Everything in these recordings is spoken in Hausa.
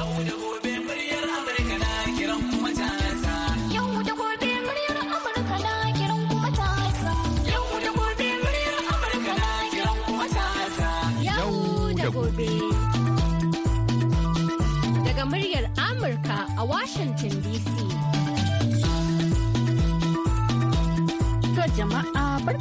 No.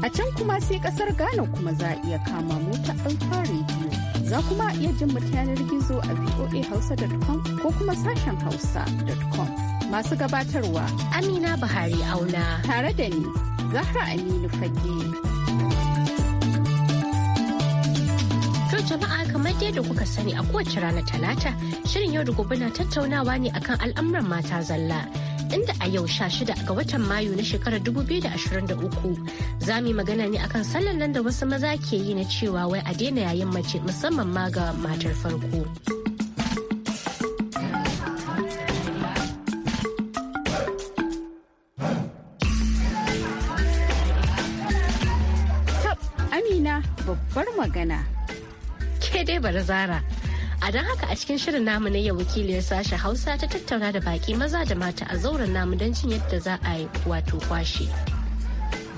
A can kuma sai kasar Ghana kuma za a iya kama mota ta Alfa Radio. Za kuma iya jin yanar gizo a voahausa.com ko kuma sashen hausa.com. Masu gabatarwa Amina Buhari Auna. Tare da ni, Zahra Aminu Fage. jama'a kamar dai da kuka sani a kowace rana talata shirin yau da gobe na tattaunawa ne akan al'amuran mata zalla inda a yau 16 ga watan Mayu na shekarar 2023 za mu magana ne akan sallan nan da wasu maza ke yi na cewa wai a daina yayin mace musamman ma ga matar farko. Amina babbar magana. Ke dai bari zara. A don haka a cikin shirin namu na yau wakiliyar sashe Hausa ta tattauna da baki maza da mata a zauren namu don jin yadda za a yi wato kwashe.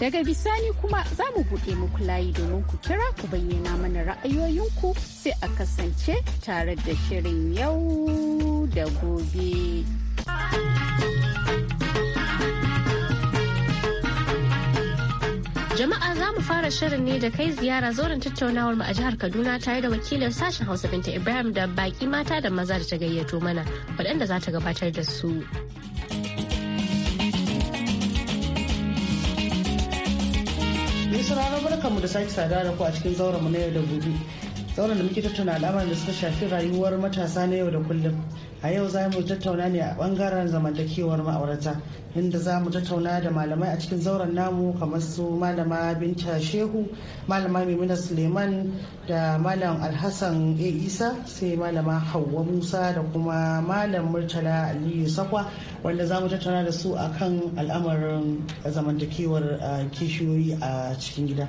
Daga bisani kuma za mu buɗe muku layi domin ku kira ku bayyana mana ra'ayoyinku sai a kasance tare da shirin yau da gobe. Jama'a za mu fara shirin ne da kai ziyara zoren tattaunawar mu a jihar Kaduna tare da wakilin sashen Hausa Binta Ibrahim da baki mata da maza da ta gayyato mana waɗanda za ta gabatar da su. Mai sauraron barkanmu da sake sada da ku a cikin zauren mu na yau da gobe. zauren da muke tattauna al'amuran da suka shafi rayuwar matasa na yau da kullum a yau za mu tattauna ne a bangaren zamantakewar ma'aurata inda za mu tattauna da malamai a cikin zauren namu kamar su malama binta shehu malama maimuna suleiman da malam alhassan a isa sai malama hauwa musa da kuma malam murtala aliyu sakwa wanda za mu tattauna da su akan al'amarin zamantakewar kishiyoyi a cikin gida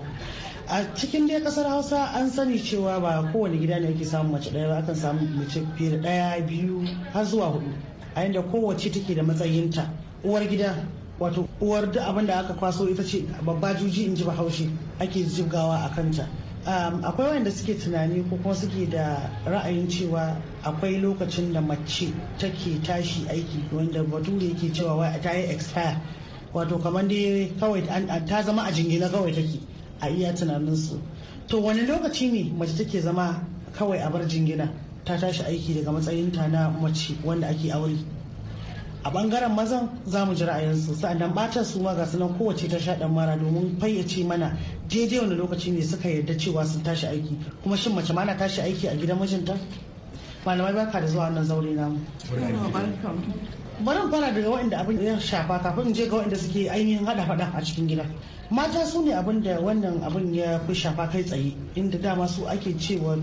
a cikin dai kasar hausa an sani cewa ba kowane gida ne ake samun mace daya ba akan samu mace fiye da ɗaya biyu har zuwa hudu a yadda kowace take da matsayinta uwar gida wato uwar duk abin da aka kwaso ita ce babba juji in ji bahaushe ake jigawa a kanta akwai wanda suke tunani ko kuma suke da ra'ayin cewa akwai lokacin da mace take tashi aiki wanda bature yake cewa ta yi expire wato kamar dai kawai ta zama a jingina kawai take a iya tunaninsu to wani lokaci ne mace take zama kawai a bar jingina ta tashi aiki daga matsayinta na mace wanda ake aure a bangaren mazan za mu ji ra'ayinsu sa'annan batar su ma ga sunan kowace ta sha dan mara domin fayyace mana jeje wani lokaci ne suka yarda cewa sun tashi aiki kuma shin mace ma na tashi aiki a gidan mijinta malamai baka da zuwa wannan zaure namu bari fara daga waɗanda abin ya shafa kafin je ga waɗanda suke ainihin hada faɗa a cikin gida mata su ne abin da wannan abin ya fi shafa kai tsaye inda dama su ake cewa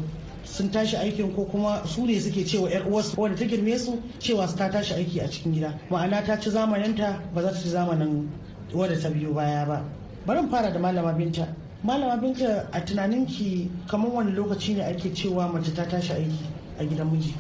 sun tashi aikin ko kuma su ne suke cewa yar uwarsu wanda ta girme su cewa su ta tashi aiki a cikin gida ma'ana ta ci zamaninta ba za ta ci zamanin wadda ta biyo baya ba bari fara da malama binta malama binta a tunaninki kamar wani lokaci ne ake cewa mace ta tashi aiki a gidan miji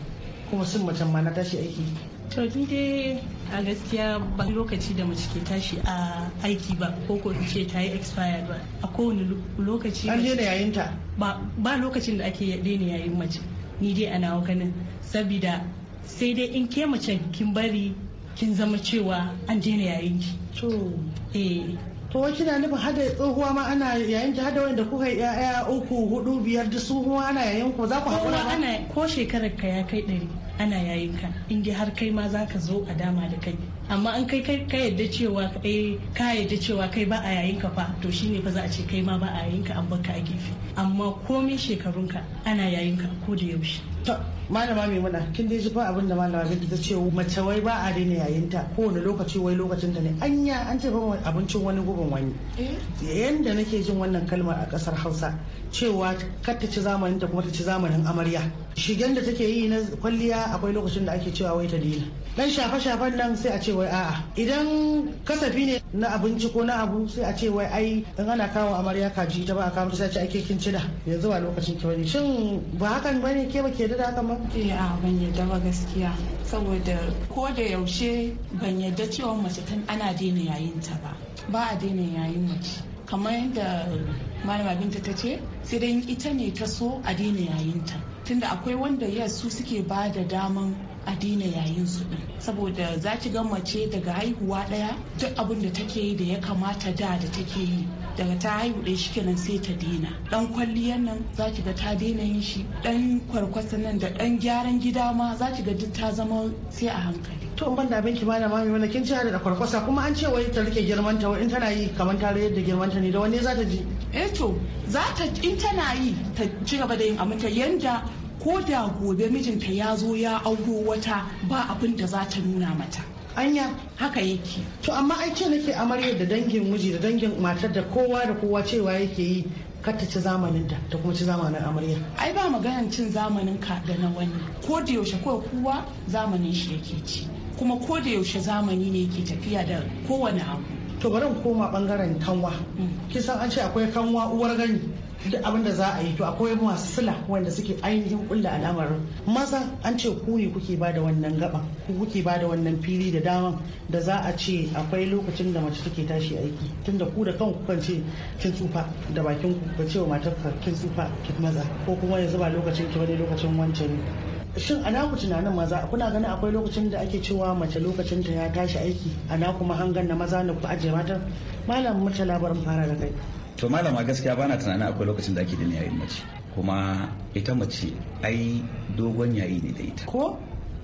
kuma sun mace ma na tashi aiki to ni dai a gaskiya ba lokaci da mace ke tashi a aiki ba ko ko in ce ta yi expired ba a kowane lokaci an daina yayin ta ba lokacin da ake daina yayin mace ni dai a nawa ganin sabida sai dai in ke mace kin bari kin zama cewa an daina yayin ki to eh to wai kina nufin hada tsohuwa ma ana yayin ki hada wanda kuka yaya uku hudu biyar da tsohuwa ana yayin ko za ku hakura ba ana ko shekarar ka ya kai ɗari ana yayin ka in dai har kai ma za ka zo a dama da kai amma an kai ka yadda cewa kai eh, ka yadda cewa kai ba a yayin ka fa to shine fa za a ce kai ma ba a yayin ka an a gefe amma komai shekarun ka ana yayin ka ko da yaushe To, malama Maimuna, kin dai ji abinda abin da malama ta ce mace wai ba a daina yayin ta kowane lokaci wai lokacin ta ne. Anya an ce ba abincin wani gubin wani. Eh? Yanda nake jin wannan kalmar a kasar Hausa cewa kar ta ci zamanin ta kuma ta ci zamanin amarya. shigen da take yi na kwalliya akwai lokacin da ake cewa wai ta dila dan shafe-shafen nan sai a ce wai a'a idan kasafi ne na abinci ko na abu sai a ce wai ai in ana kawo amarya kaji ta ba a kawo sai ce ake kin cida yanzu ba lokacin ki bane shin ba hakan bane ke ba ke da haka ba eh a ban yadda ba gaskiya saboda ko da yaushe ban yadda cewa mace tan ana daina yayin ta ba ba a daina yayin mace kamar yadda malama binta ta ce sai dai ita ne ta so a daina yayin ta tunda akwai wanda yasu suke ba da daman adina yayin su din saboda za ki ga mace daga haihuwa daya duk abin da take yi da ya kamata da da take yi daga ta haihu ɗaya shi kenan sai ta daina dan kwalliyan nan za ki ga ta daina yin shi dan kwarkwasa nan da dan gyaran gida ma za ki ga duk ta zama sai a hankali to in ban da abinki ma da mami wani kin ci da kwarkwasa kuma an ce wai ta rike girman ta wai in tana yi kamar ta yadda girman ta ne da wani za ta ji Eto eh to za ta in tana yi ta ci gaba da yin aminta yanda ko da gobe mijinta ya zo ya auro wata ba abin da za ta nuna mata anya haka yake to amma ai ce nake amaryar da dangin miji da dangin matar da kowa da kowa cewa yake yi kar ta ci zamanin ta ta kuma ci zamanin amarya ai ba maganan cin zamanin ka da na wani ko da yaushe ko kowa zamanin shi yake ci kuma ko da yaushe zamani ne yake tafiya da kowane abu to bari koma bangaren kanwa mm. kisan an ce akwai kanwa uwar gani duk abin da za a yi to akwai masu sila wanda suke ainihin kulla al'amarin maza an ce ku ne kuke ba da wannan gaba ku kuke ba da wannan fili da daman da za a ce akwai lokacin da mace take tashi aiki tunda ku da kanku kan ce kin tsufa da bakin ku ba cewa matar kin tsufa ki maza ko kuma yanzu ba lokacin ki wani lokacin wancan shin ana ku tunanin maza kuna ganin akwai lokacin da ake cewa mace lokacin ta ya tashi aiki ana kuma hangan na maza ne ku ajiye mata malam mace labarin fara da kai to malama gaskiya bana tunanin akwai lokacin da ake da yayin mace kuma ita mace ai dogon yayi ne da ita ko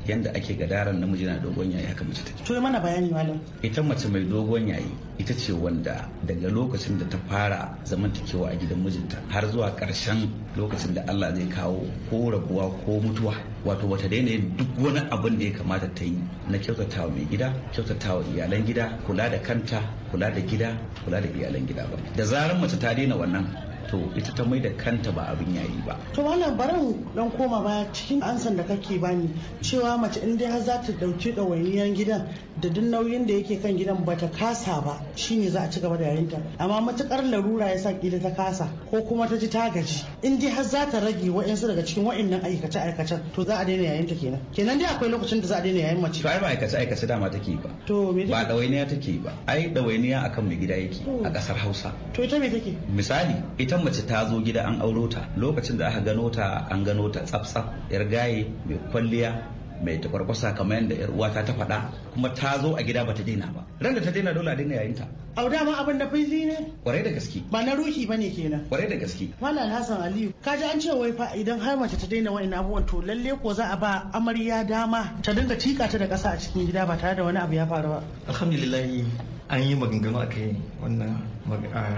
yanda ake gadaran namiji na dogon yayi haka mace take to mana bayani malam ita mace mai dogon yayi ita ce wanda daga lokacin da ta fara zamantakewa a gidan mijinta har zuwa karshen lokacin da Allah zai kawo ko rabuwa ko mutuwa wato wata daina yin duk wani abin da ya kamata ta yi na kyautatawa mai gida kyautatawa iyalan gida kula da kanta kula da gida kula da iyalan gida ba da zarar mace ta daina wannan to ita ta mai da kanta ba abin yayi ba to wannan barin dan koma ba cikin ansan da kake bani cewa mace in dai har za ta dauki ɗawainiyar gidan da duk nauyin da yake kan gidan bata kasa ba shine za a ci gaba da yayinta amma matukar larura ya sa kila ta kasa ko kuma ta ji ta gaji in dai har za ta rage wa'yansu daga cikin wayannan aikace aikacen to za a daina yayinta kenan kenan dai akwai lokacin da za a daina yayin mace to ai ba aikace aikace dama take ba to me ba dawainiya take ba ai dawainiya akan mai gida yake a kasar Hausa to ita me take misali ita ita mace ta zo gida an auro ta lokacin da aka gano ta an gano ta tsaf yar gaye mai kwalliya mai tafarkwasa kamar yadda yar uwata ta faɗa kuma ta zo a gida bata daina ba ran da ta daina dole a daina yayin ta au dama abin da fili ne kwarai da gaske ba na ruhi bane kenan kwarai da gaske malam hasan aliyu kaji an ce wai fa idan har mace ta daina wani abubuwan to lalle ko za a ba amarya dama ta dinga tika ta da ƙasa a cikin gida ba tare da wani abu ya faru ba alhamdulillah an yi maganganu a kai wannan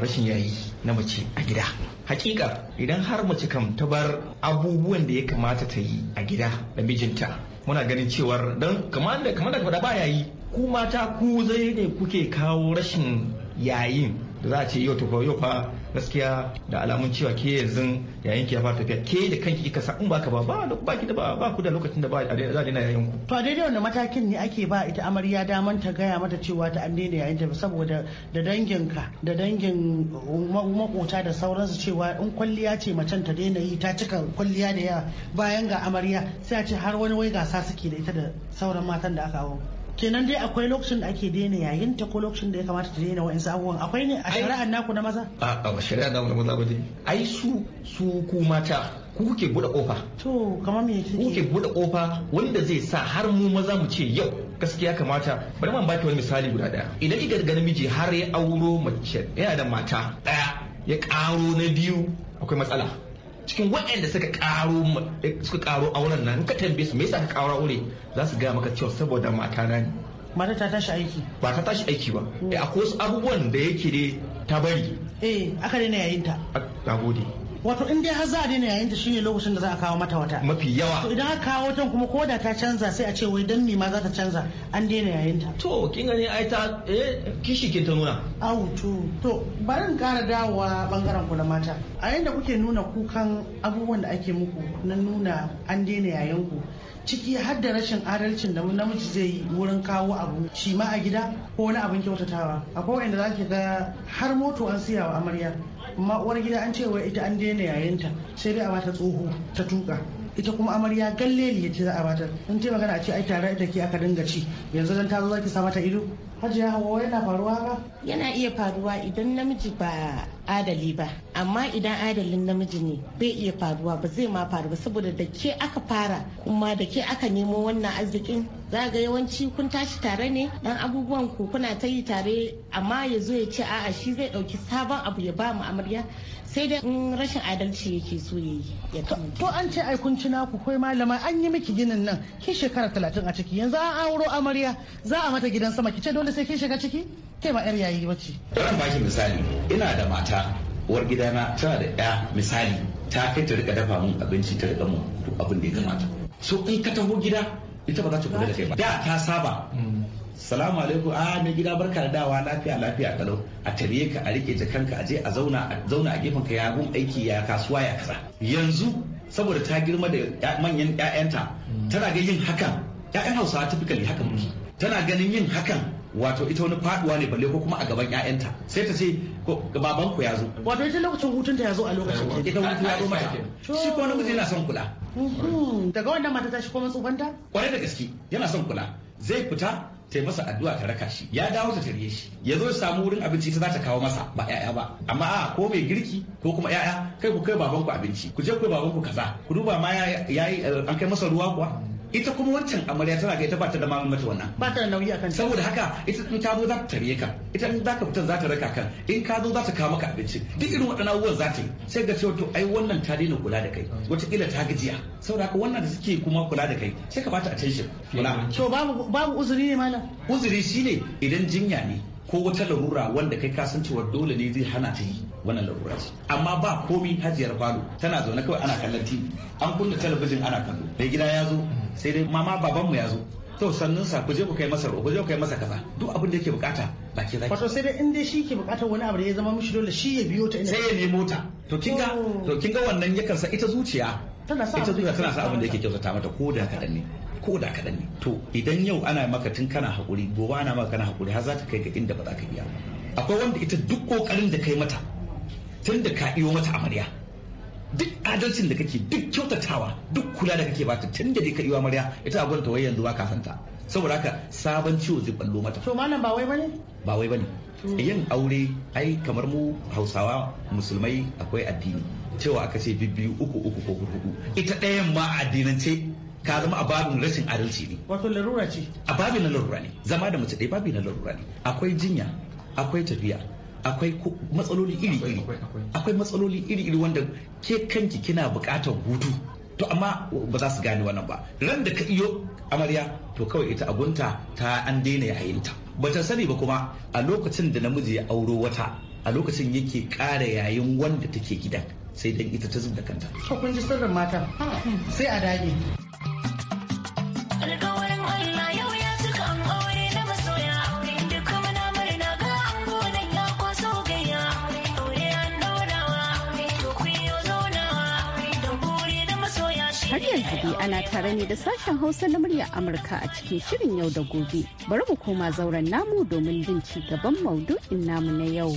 rashin yayi na mace a gida hakika idan har mace kam ta bar abubuwan da ya kamata ta yi a gida da mijinta muna ganin cewar don kamar da kamar da kuma ba yayi ku mata ku zai ne kuke kawo rashin yayin da za a ce yau ta yau fa gaskiya da alamun cewa ke yanzu yayin ki ya fara tafiya ke da kanki kika sa in baka ba ba ba ki da ba ba ku da lokacin da ba za a daina yayin ku to daidai wannan matakin ne ake ba ita amarya daman ta gaya mata cewa ta an daina yayin ta saboda da danginka da dangin makota da sauransu cewa in kwalliya ce macen ta daina yi ta cika kwalliya da yawa bayan ga amarya sai a ce har wani wai gasa suke da ita da sauran matan da aka hau kenan dai akwai lokacin da ake daina yayin ta ko lokacin da ya kamata ta daina wa'in abubuwan akwai ne a shari'ar naku na maza a a shari'ar naku na maza ba dai ai su su ku mata ku kuke buɗe kofa to kamar me kike kuke buɗe kofa wanda zai sa har mu maza mu ce yau gaskiya kamata bari man baki wani misali guda daya idan kika ga namiji har ya auro mace yana da mata daya ya karo na biyu akwai matsala cikin waɗanda suka karo suka karo auren nan ka tambaye su me yasa ka karo aure za su ga maka cewa saboda mata na ne mata ta tashi aiki ba ta tashi aiki ba eh akwai wasu abubuwan da yake dai ta bari eh aka daina yayin ta nagode gode wato in dai har za a daina yayin ta shine lokacin da za a kawo mata wata mafi yawa to idan aka kawo watan kuma ko da ta canza sai a ce wai dan me ma za ta canza an daina yayin ta to kin gani ai ta eh kishi ke ta nuna au to to barin ƙara dawowa bangaren ku na mata a yayin kuke nuna kukan abubuwan da ake muku na nuna an daina yayin ku ciki har da rashin adalcin da namiji zai yi wurin kawo abu shi ma a gida ko wani abin kyautatawa akwai wanda za ki ga har moto an siya wa amarya amma uwar gida an cewa ita an daina yayinta sai dai a bata tsoho ta tuka ita kuma amarya galleli ce za a bata in ce magana a ce ai tare da ke aka dinga ci yanzu dan ta zo za ki sa mata ido hajiya hawa yana faruwa ba yana iya faruwa idan namiji ba adali ba amma idan adalin namiji ne bai iya faruwa ba zai ma faru ba saboda da ke aka fara kuma da ke aka nemo wannan arzikin za ga yawanci kun tashi tare ne dan abubuwan ku kuna ta yi tare amma ya zo ya ce a'a shi zai dauki sabon abu ya ba mu amarya sai dai in rashin adalci yake so ya yi to an ce ai kun ci naku kai malama an yi miki ginin nan ki shekara talatin a ciki yanzu an auro amarya za a mata gidan sama ki ce dole sai ki shiga ciki ke ba yar yayi bace ran baki misali ina da mata ta uwar gidana tana da ɗaya. misali ta kai ta rika dafa mun abinci ta rika mun abin da ya kamata so in ka taho gida ita ba za ta kula da kai ba da ta saba mm. salamu alaikum a ah, mai gida barka da dawa lafiya lafiya kalau a tare ka a rike jakanka a je a zauna a zauna a gefen ka ya gun aiki ya kasuwa ya kaza yanzu saboda ta girma da manyan ƴaƴanta mm. tana ga yin hakan ƴaƴan Hausawa tafi haka hakan mm. tana ganin yin hakan wato ita wani faduwa ne balle ko kuma a gaban ƴaƴanta sai ta ce baban ku ya zo wato ita lokacin hutunta ya zo a lokacin ita hutu ya zo mata shi ko wani yana son kula mhm. daga wannan mata ta shi kuma tsubanta kwarai da gaske yana son kula zai fita ta masa addu'a ta raka shi ya dawo ta tare shi ya zo samu wurin abinci ita za ta kawo masa ba yaya ba amma a ko mai girki ko kuma yaya kai ku kai babanku abinci ku je ku kai babanku kaza ku duba ma yayi eh, an kai masa ruwa kuwa ita kuma wancan amarya tana kai ta bata da mamin mata wannan ba ta da nauyi akan saboda haka ita in ta zo za ta tare ka ita in ka fita za ta raka kan. in ka zo za ta kawo maka abinci duk irin waɗannan abubuwan za ta yi sai ga cewa to ai wannan ta daina kula da kai wataƙila ta gajiya saboda haka wannan da suke kuma kula da kai sai ka bata attention kula to babu babu uzuri ne malam uzuri shine idan jinya ne ko wata larura wanda kai kasan cewa dole ne zai hana ta yi wannan larura ce amma ba komi hajiyar falo tana zaune kawai ana kallon tv an kunna talabijin ana kallo mai gida ya zo sai dai mama babanmu ya zo to sannan sa ku je ku kai masa ku je ku kai masa kaza duk abin da yake bukata ba ke zaki wato sai dai in dai shi ke bukatar wani abu da ya zama mishi dole shi ya biyo ta sai ya ne mota. to kin ga oh. to kin ga wannan yakan sa ita zuciya tana sa ita zuciya tana sa abin da yake kyautata mata ko da kadan ne ko da kadan ne to idan yau ana maka tun kana hakuri gobe ana maka kana hakuri har za ka kai ga inda ba za ka biya ba akwai wanda ita duk kokarin da kai mata tun da ka iyo mata amarya duk adalcin da kake duk kyautatawa duk kula da kake bata tun da ka iwa murya ita abun ta wai yanzu ba ka ta saboda haka sabon ciwo zai ballo mata to malam ba wai bane ba wai bane yin aure ai kamar mu Hausawa musulmai akwai addini cewa aka ce bibbiyu uku uku ko hudu ita ɗayan ma addinance ka zama a babin rashin adalci ne wato larura ce a babin na larura ne zama da mace ɗaya babin na larura ne akwai jinya akwai tafiya akwai matsaloli iri-iri akwai matsaloli iri-iri wanda ke kanki kina bukatar hutu to amma ba za su gane wannan ba ran da ka iyo amarya to kawai ita agunta ta an daina yayinta ba ta sani ba kuma a lokacin da namiji ya auro wata a lokacin yake kara yayin wanda take gidan sai dan ita ta zubda kanta. kanta. Kun ji sirrin mata sai a dage. ana tare ne da sashen Hausa na murya Amurka a cikin shirin yau da gobe. Bari mu koma zauren namu domin jin ci gaban maudu'in namu na yau.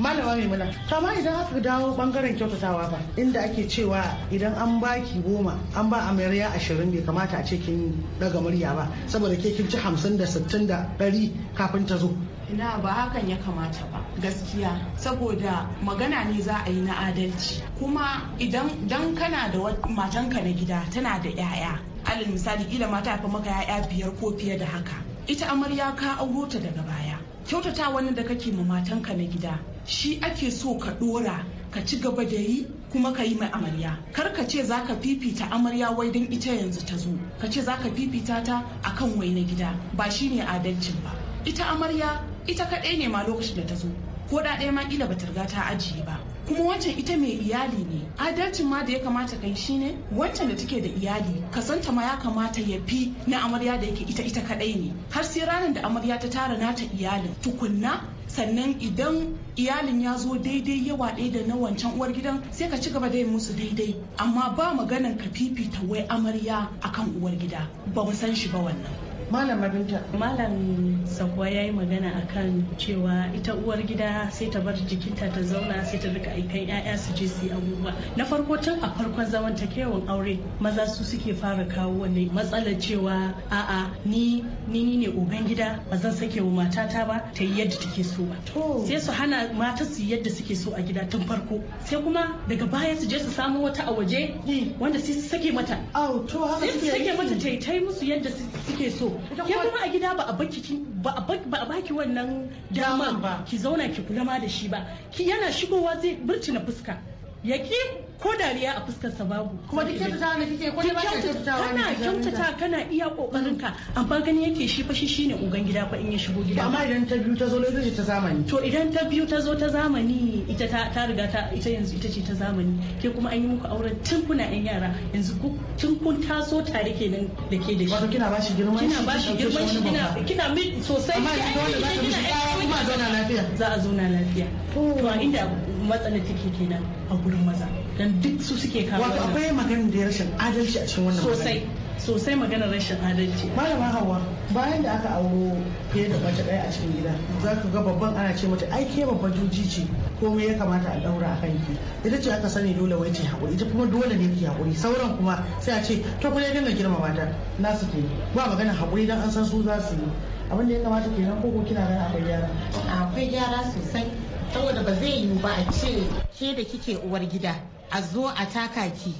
malama mai muna kama idan aka dawo bangaren kyautatawa ba inda ake cewa idan an baki goma an ba amarya ashirin bai kamata a ce kin daga murya ba saboda ke kin ci hamsin da sittin da ɗari kafin ta zo ina ba hakan ya kamata ba gaskiya saboda magana ne za a yi na adalci kuma idan dan kana da matanka na gida tana da 'ya'ya alin misali kila mata fa maka 'ya'ya biyar ko fiye da haka ita amarya ka auro ta daga baya kyautata wani da kake ma matanka na gida shi ake so ka dora ka ci gaba da yi kuma ka yi mai amarya kar ka ce zaka fifita amarya wai don ita yanzu ta zo ka ce zaka fifita ta akan wai na gida ba shine adalcin ba ita amarya ita kaɗai ne ma lokacin da ta zo ko da ɗaya ma kila bata riga ta ajiye ba kuma wancan ita mai iyali ne adalcin ma da ya kamata kai shine wancan da take da iyali kasanta ma ya kamata ya fi na amarya da yake ita ita kadai ne har sai ranar da amarya ta tara nata iyalin tukunna sannan idan iyalin ya zo daidai yawa ɗaya da na wancan uwar gidan sai ka ci gaba da yin musu daidai amma ba maganan ka fifita wai amarya akan uwar gida ba mu san shi ba wannan Malam Binta. Malam Sakwa ya yi magana akan cewa ita uwar gida sai ta bar jikinta ta zauna sai ta rika aikan 'ya'ya su je su yi abubuwa. Na farko tun a farkon zaman ta kewan aure maza su suke fara kawo wani matsalar cewa a'a ni ni ne uban gida ba zan sake wa matata ba ta yi yadda take so ba. Sai su hana mata su yadda suke so a gida tun farko. Sai kuma daga baya su je su samu wata a waje wanda sai su sake mata. Au to Sai su sake mata ta yi musu yadda suke so. ke kuma a gida ba a baki wannan dama ki zauna ki kula ma da shi ba ki yana shigowa zai na fuska yaki ko dariya a fuskar sa babu kuma duk kyautata ne kike ko ba kyautata kana kyautata kana iya kokarin ka amma gani yake shi fa shi shine ugan gida fa in ya shigo gida amma idan ta biyu ta zo ita ce ta zamani to idan ta biyu ta zo ta zamani ita ta ta riga ta ita yanzu ita ce ta zamani ke kuma an yi muku auren tun kuna yan yara yanzu tun kun taso tare kenan da ke da shi wato kina bashi girman kina kina bashi girman shi kina kina mi sosai amma yanzu wanda za ka shi kaya kuma zauna lafiya za a zauna lafiya oh. to inda matsalar take kenan a gurin maza dan duk su suke kawo wato akwai maganar da rashin adalci a cikin wannan sosai sosai maganar rashin adalci malama hawa bayan da aka auro fiye da mace daya a cikin gida za ka ga babban ana ce mata ai ke babban juji ce komai ya kamata a daura a ki ita ce aka sani dole wai ce hakuri ita kuma dole ne ki hakuri sauran kuma sai a ce to kuma ya dinga girmama na nasu ke ba magana hakuri dan an san su za su yi abin da ya kamata kenan ko ko kina ganin akwai gyara akwai gyara sosai saboda ba zai yiwu ba a ce ke da kike uwar gida a zo a taka ki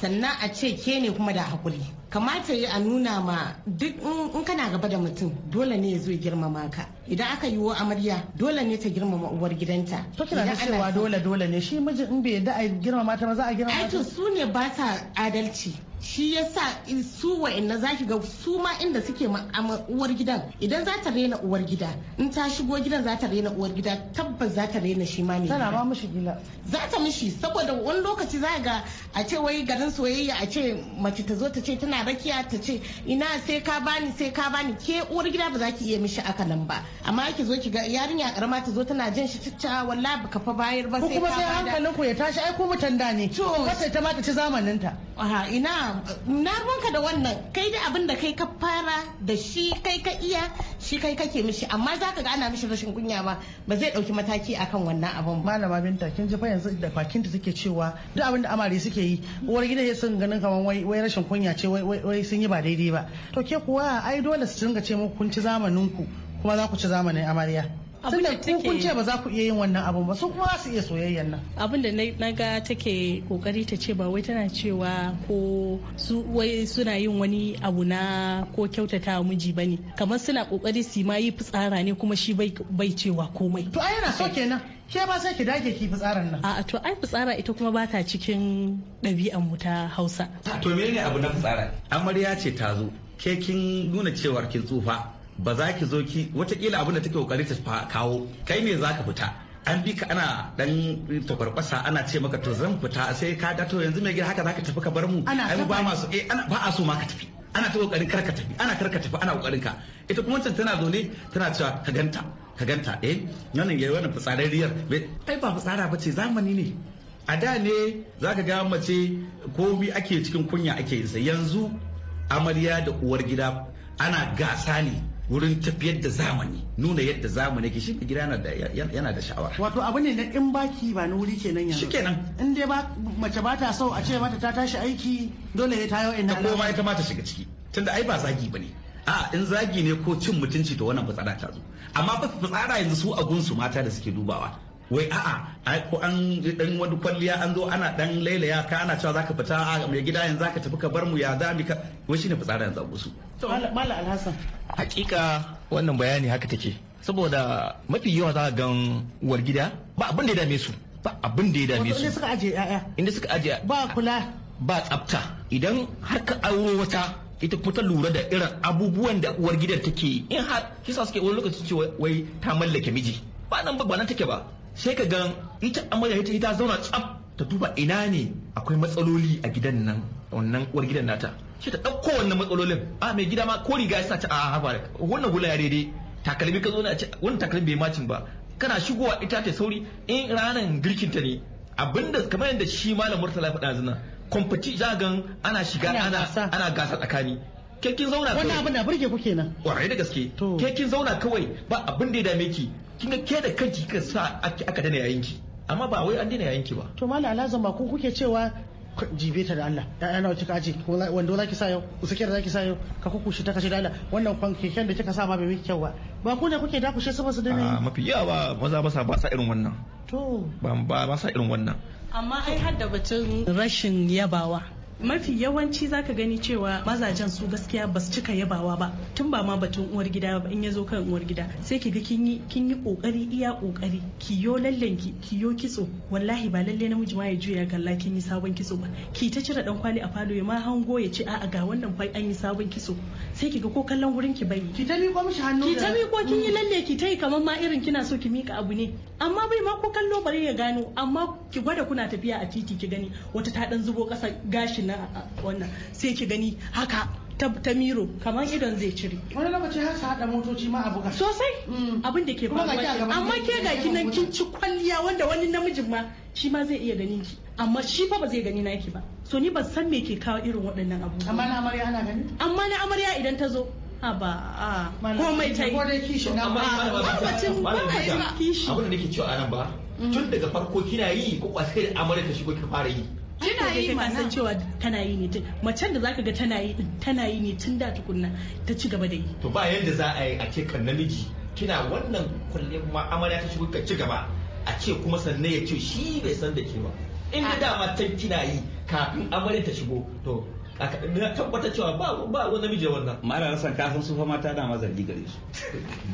sannan a ce ke ne kuma da hakuri kamata yi a nuna ma duk in kana gaba da mutum dole ne ya zo girmama ka idan aka yi wa amarya dole ne ta girmama uwar gidanta to kira ne cewa dole dole ne shi mijin in bai yadda a girmama ta ba za a girmama ta su ne ba ta adalci shi yasa su wa'anna za ki ga su ma inda suke uwar gidan idan za ta rena uwar gida in ta shigo gidan za ta rena uwar gida tabbas za ta rena shi ma ne. tana ma mishi gila za ta mishi saboda wani lokaci za ga a ce wai garin soyayya a ce mace ta zo ta ce tana rakiya ta ce ina sai ka bani sai ka bani ke uwar gida ba za ki iya mishi akalan ba amma ki zo ki ga yarinya karama ta zo tana jin shi cicca ah, wallahi baka fa bayar ba sai kuma sai hankalin ku ya tashi ai ku mutan da ne wata ta ma ta ci zamanin ta aha ina na ruwanka da wannan kai da abin da kai ka fara da shi kai ka iya shi kai kake mishi amma zaka ga ana mishi rashin kunya ba ba zai dauki mataki akan wannan abin ba malama binta kin ji fa yanzu da bakinta ta take cewa duk abin da amare suke yi uwar gida ya sun ganin kaman wai wai rashin kunya ce wai wai sun yi ba daidai ba to ke kuwa ai dole su dinga ce muku kun ci zamanin ku kuma za ku ci zamanin amarya tun da kun ce ba za ku iya yin wannan abun ba su kuma za su iya soyayyan nan abin da na ga take kokari ta ce ba wai tana cewa ko su wai suna yin wani abu na ko kyautata miji bane kamar suna kokari su ma yi fitsara ne kuma shi bai cewa komai to ai yana so kenan ke ba sai ki dage ki fitsarin nan a'a to ai fitsara ita kuma ba ta cikin ɗabi'an mu ta Hausa to menene abu na fitsara amarya ce ta zo ke kin nuna cewar kin tsufa ba za ki zo ki watakila abin da take kokari ta kawo kai ne za ka fita an bi ka ana dan tabarbasa ana ce maka to zan fita sai ka da to yanzu mai gida haka zaka tafi ka bar mu ai ba ma so eh, ana ba a so ma ka tafi ana ta kokarin kar ka tafi ana kar ka tafi ana kokarin ka ita kuma wancan tana zaune tana cewa ka ganta ka ganta eh nanin yayi wannan fitsarariyar ai ba fitsara ba ce zamani ne a da ne zaka ga mace komi ake cikin kunya ake yin yanzu amarya da uwar gida ana gasa ne wurin tafiyar da zamani nuna yadda zamani ke shi gida yana da sha'awa wato abu ne na in baki ba na wuri kenan yanzu shikenan in dai ba mace ba ta so a ce mata ta tashi aiki dole ya tayo ina ta ma ita ma ta shiga ciki tunda ai ba zagi bane a in zagi ne ko cin mutunci to wannan fitsara ta zo amma fitsara yanzu su a gunsu mata da suke dubawa wai a'a ko an dan wani kwalliya an zo ana dan lailaya ka ana cewa zaka fita a mai gida yanzu zaka tafi ka bar mu ya za mu ka wai shine fitsara yanzu abu su to mala alhasan hakika wannan bayani haka take saboda mafi yawa za ka gan uwar gida ba abin da ya dame su ba abin da ya dame su inda suka aje yaya inda suka aje ba kula ba tsafta idan har ka auro wata ita kuma ta lura da irin abubuwan da uwar gidan take in har kisa suke wani lokaci cewa wai ta mallake miji ba nan ba nan take ba sai ka gan ita amarya ita ta zauna tsaf ta duba ina ne akwai matsaloli a gidan nan wannan uwar gidan nata shi ta ɗauko wannan matsalolin a mai gida ma ko riga ya sa ta a haɓar wannan hula ya daidai takalmi ka zo na wannan takalmi bai macin ba kana shigowa ita ta sauri in ranar girkin ta ne abinda kamar yadda shi malam murtala faɗa zina competition za gan ana shiga ana gasa tsakani ke kin zauna kawai wannan abin da burge ku Wa kwarai da gaske ke kin zauna kawai ba abin da ya dame ki kin ke da kanki kika sa aka dana yayin ki amma ba wai an dina yayin ki ba to malam alazan ba ku kuke cewa jibe ta da Allah na nawa kika aje wando zaki sa yau da zaki sa yau ka kushi ta kashi da Allah wannan kwan keken da kika sa ma bai miki kyau ba ba ku ne kuke dakushe sama su dane ah, mafi yawa maza ba sa ba sa irin wannan to ba ba sa irin wannan amma ai hadda batun rashin yabawa mafi yawanci zaka gani cewa mazajen su gaskiya ba su cika yabawa ba tun ba ma batun uwar gida ba in ya zo kan uwar gida sai ki ga kin yi kin kokari iya kokari ki yo lallen ki ki yo kitso wallahi ba lalle namiji ma ya juya kalla kin yi sabon kitso ba ki ta cire dan kwali a falo ya ma hango ya ce a'a ga wannan fa an yi sabon kitso sai ki ga ko kallon wurin ki bai ki ta miƙo mishi hannu ki ta miƙo kin yi mm. lalle ki ta yi kamar ma irin kina so ki mika abu ne amma bai ma ko kallo bare ya gano amma ki gwada kuna tafiya a titi ki gani wata ta dan zubo kasa gashin na wannan sai ki gani haka ta miro kamar idon zai cire wani lokaci har su hada motoci ma abu buga sosai mm. abin da ke faruwa amma ke ga nan kin ci kwalliya wanda wani namijin ma shi ma zai iya ganin ki amma shi fa ba zai gani naki ba so ni ban san me ke kawo irin waɗannan abubuwa amma na amarya ana gani amma na amarya idan ta zo a ba a komai ta yi ko ba. kishi na ba bacin ba kishi abin da nake cewa anan ba mm. tun daga farko kina yi ko kwatai da amarya ta shigo ki fara yi kina yi mana san cewa tana yi ne macen da zaka ga tana yi tana yi ne tun da tukunna ta ci gaba da yi to ba yanda za a yi a ce kan namiji kina wannan kullum ma'amala ta shigo ka ci gaba a ce kuma sannan ya ce shi bai san da ke ba in da dama ta kina yi kafin amarya ta shigo to na tabbata cewa ba ba wani namiji wannan malama san ka san su fa mata dama zargi gare su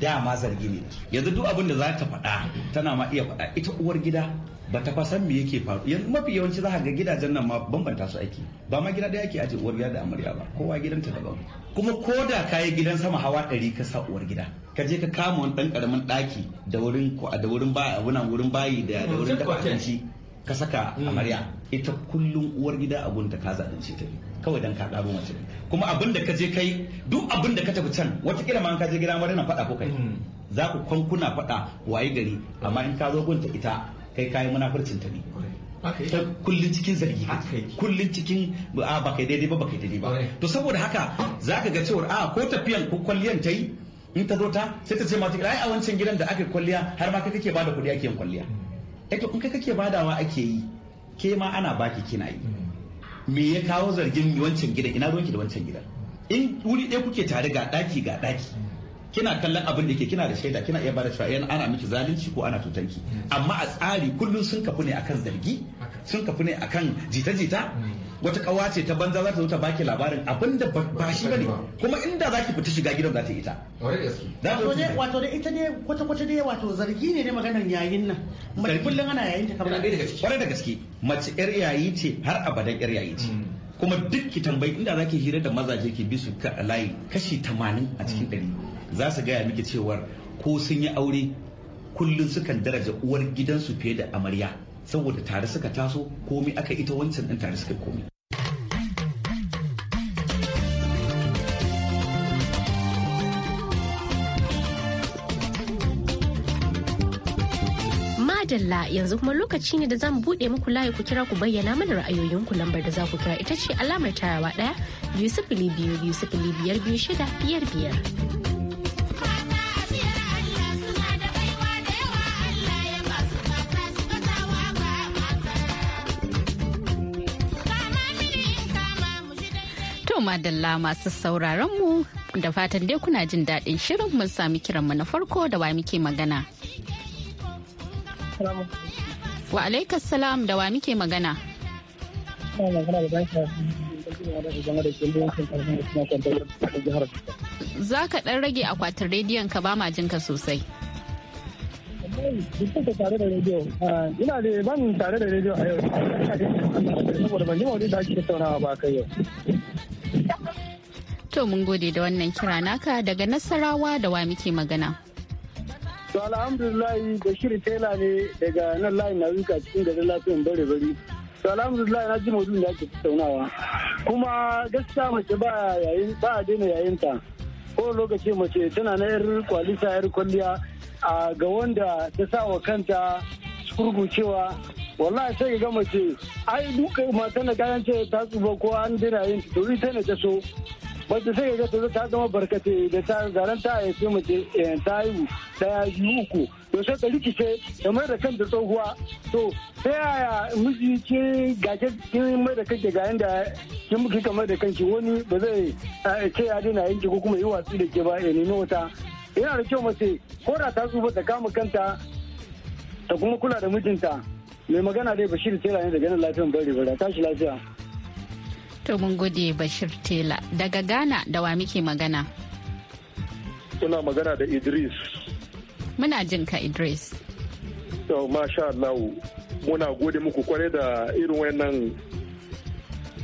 dama zargi ne yanzu duk abin da za ta faɗa tana ma iya faɗa ita uwar gida ba ta fasan me yake faru yanzu mafi yawanci za ga gidajen nan ma bambanta su aiki ba ma gida ɗaya ake aje uwar gida da amarya ba kowa gidanta daban kuma ko da kayi gidan sama hawa ɗari ka sa uwar gida ka je ka kama wani ɗan ƙaramin ɗaki da wurin da wurin bayi wurin bayi da Da mm, wurin dafa abinci ka saka mm. amarya ita kullum uwar gida a gunta ka zaɓin ce ta kawai dan ka ɗaro mace kuma abin da ka je kai duk abin da ka tafi can watakila ma ka je gida amarya na faɗa ko kai mm. za ku kwankuna faɗa waye gari amma in ka zo gunta ita kai kayan munafurcin ta ne ta kullun cikin zargi kullun cikin ba ba kai daidai ba ba kai daidai ba to saboda haka zaka ga cewa a ko tafiyan ko kwalliyan ta yi in ta zo ta sai ta ce ma ai a wancan gidan da aka kwalliya har ma kai kake bada kuɗi ake yin kwalliya hmm. eh in kake badawa ake yi ke ma ana baki kina yi hmm. me ya kawo zargin wancan gidan ina ruwanki da wancan gidan hmm. in wuri ɗaya kuke tare ga ɗaki ga ɗaki kina kallon abin da ke kina da shaida kina iya bada cewa eh, ana miki zalunci ko ana tutanki amma a tsari kullum sun kafu ne akan zargi sun kafu ne akan jita-jita wata kawa ce ta banza za ta zo ta baki labarin abin da ba shi bane kuma inda za ki fita shiga gidan za ta yi ita wato ne ita ne kwata-kwata ne wato zargi ne ne maganar yayin nan mace kullum ana yayin ta kamar kwarai da gaske mace yar yayi ce har abadan yar yayi ce mm. kuma duk ki tambayi inda za ki hira da mazaje ki bi su layi kashi 80 a cikin 100 za su gaya miki cewar ko sun yi aure kullum sukan daraja uwar gidansu fiye da amarya saboda tare suka taso komi aka ita wancan ɗin tare suka komi Madalla yanzu kuma lokaci ne da zamu bude muku layi ku kira ku bayyana mana ra'ayoyinku lambar da za ku kira ita ce alamar tarawa ɗaya biyu sifili biyu biyu sifili biyar biyu shida biyar biyar. kuma madalla masu sauraron mu da fatan dai kuna jin daɗin shirin mun sami kiranmu na farko da wa muke magana. Wa alaikas salam da wa muke magana. Za ka ɗan rage akwatin rediyon ka ba ma ka sosai. da tare da rediyo ina da ban tare da rediyo a yau saboda ban ji wani da ake tattaunawa ba kai yau To mun gode da wannan kira naka daga Nasarawa da wa muke magana. To da shirin Tela ne daga nan layin na zuka cikin garin lafiyan bare bari. To alhamdulillah na ji mutum da ake tattaunawa. Kuma gaskiya mace ba yayin ba a daina yayin ta. Ko lokaci mace tana na yar kwalisa yar kwalliya a ga wanda ta sa wa kanta kurgucewa wallahi sai ga mace ai duka mata na kayan ce ta tsuba ko an daina yin to ita ne ta so wata sai ga ta ta zama barkate da ta zaren ta yi mace ta haihu ta yi uku to sai ta rikice da mai da kanta tsohuwa to ta yaya miji ke gaje kin mai da kanki ga yanda kin muke kamar da kanki wani ba zai ce ya dina yanki ko kuma yi watsi da ke ba ya nemi wata yana da kyau mace ko da ta tsufa ta kama kanta ta kuma kula da mijinta mai magana dai bashir tela ne daga nan lafiyan bari bara tashi lafiya To mun gode Bashir Tela daga Ghana da wa muke magana. muna magana da Idris. Muna jin ka Idris. To masha Allah muna gode muku kware da irin wannan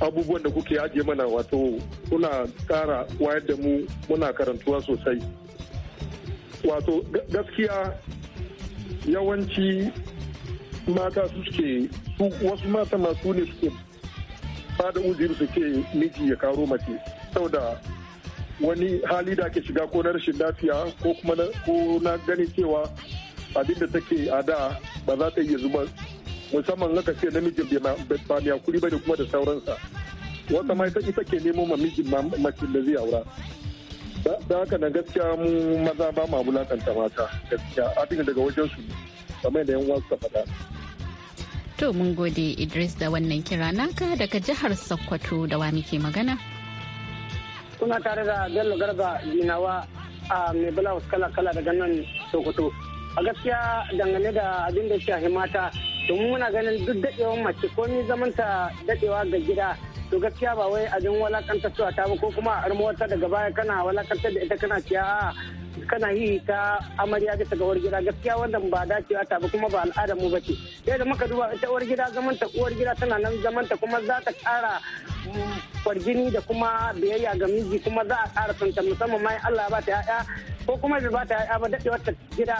abubuwan da kuke ajiye mana wato kuna kara wayar da mu muna karantuwa sosai wato gaskiya yawanci mata su suke wasu mata masu ne suke fada da su ke miji ya karo mace saboda wani hali da ake shiga ko na rashin lafiya ko kuma ko na ganin cewa abin da take a da ba za ta iya zuba musamman laka ce namijin ba mai hakuri ba da kuma da sauransa wata ma ita ke nemo ma mijin mace da zai aura da haka na gaskiya mu maza ba ma wulakanta mata gaskiya a daga wajen su kamar da yan wasu ta faɗa To mun gode Idris da wannan kira naka daga jihar Sokoto da wa muke magana. Kuna tare da Bello Garba Dinawa a mai blouse kala-kala daga nan Sokoto. A gaskiya dangane da abin da shahi mata domin muna ganin duk daɗewan mace ko ni zamanta daɗewa ga gida to gaskiya ba wai abin walakanta suwa ta ba ko kuma a daga baya kana walakantar da ita kana ciya kana yi ta amarya ga ga gida gaskiya wannan ba dacewa ta ba kuma ba al'adar mu bace sai da muka duba ita uwar gida zaman ta uwar gida tana nan zaman ta kuma za ta kara farjini mm, da kuma biyayya ga miji kuma za a kara santa musamman ma Allah ba ta ya'ya ko kuma da ba ta ya'ya ba dace ta gida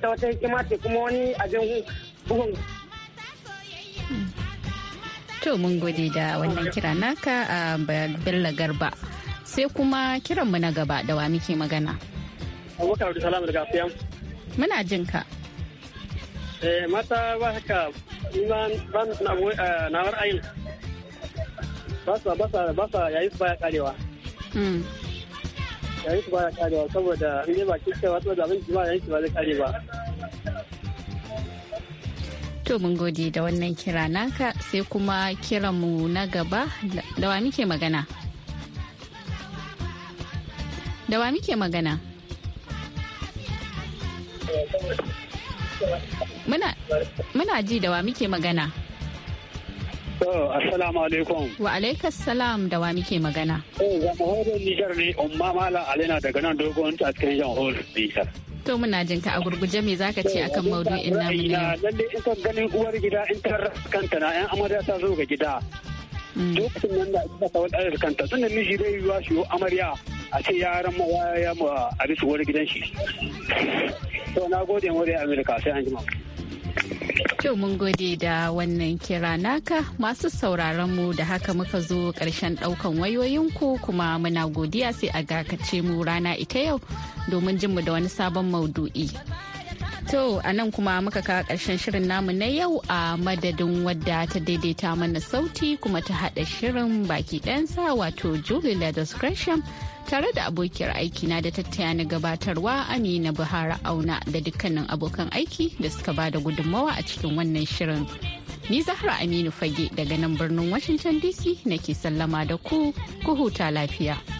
ta wata hikima ce kuma wani abin bugun To mun gode da wannan kira naka a ah, Bello Garba. Sai kuma kiranmu na gaba da wa muke magana. Abubakar daga Afiyan. Muna jin ka. Eh mata ba haka iman ban na eh, ayin Ba sa ba sa ba sa yayi baya karewa. Mm. Yayi baya karewa saboda in yi ba ki cewa to da abinci ba yayi ba zai kare ba. To mun gode da wannan kira naka sai kuma mu na gaba da wa muke magana? Da wa muke magana? Muna ji da wa muke magana. Assalamu alaikum. Wa alaikas salam da wa muke magana. Jamhuriyar Nijar ne umma mala alina daga nan dogon a cikin jamhuriyar Nijar. To muna jin ka a gurguje me zaka ce akan maudu'in namu ne. Lalle in ka ganin uwar gida in ta kanta na yan amarya ta zo ga gida. Mm. Lokacin nan da ita ta wadar kanta tunda miji bai wa shi amarya a ce yaran ma ya ma a bisa wani gidan shi. To na gode Amerika sai an mun gode da wannan kira naka masu sauraron mu da haka muka zo ƙarshen ɗaukan wayoyinku kuma muna godiya sai a gakace mu rana ita yau domin jin mu da wani sabon maudu'i. To a nan kuma muka kawo ƙarshen shirin namu na yau a madadin wadda ta daidaita mana sauti kuma ta haɗa shirin baki ɗansa wato Julie Leathers tare da abokiyar na da tattaya na gabatarwa Amina Buhari Auna da dukkanin abokan aiki da suka ba da gudunmawa a cikin wannan shirin. Ni Zahra Aminu Fage daga nan birnin Washington DC nake sallama da ku, ku huta lafiya.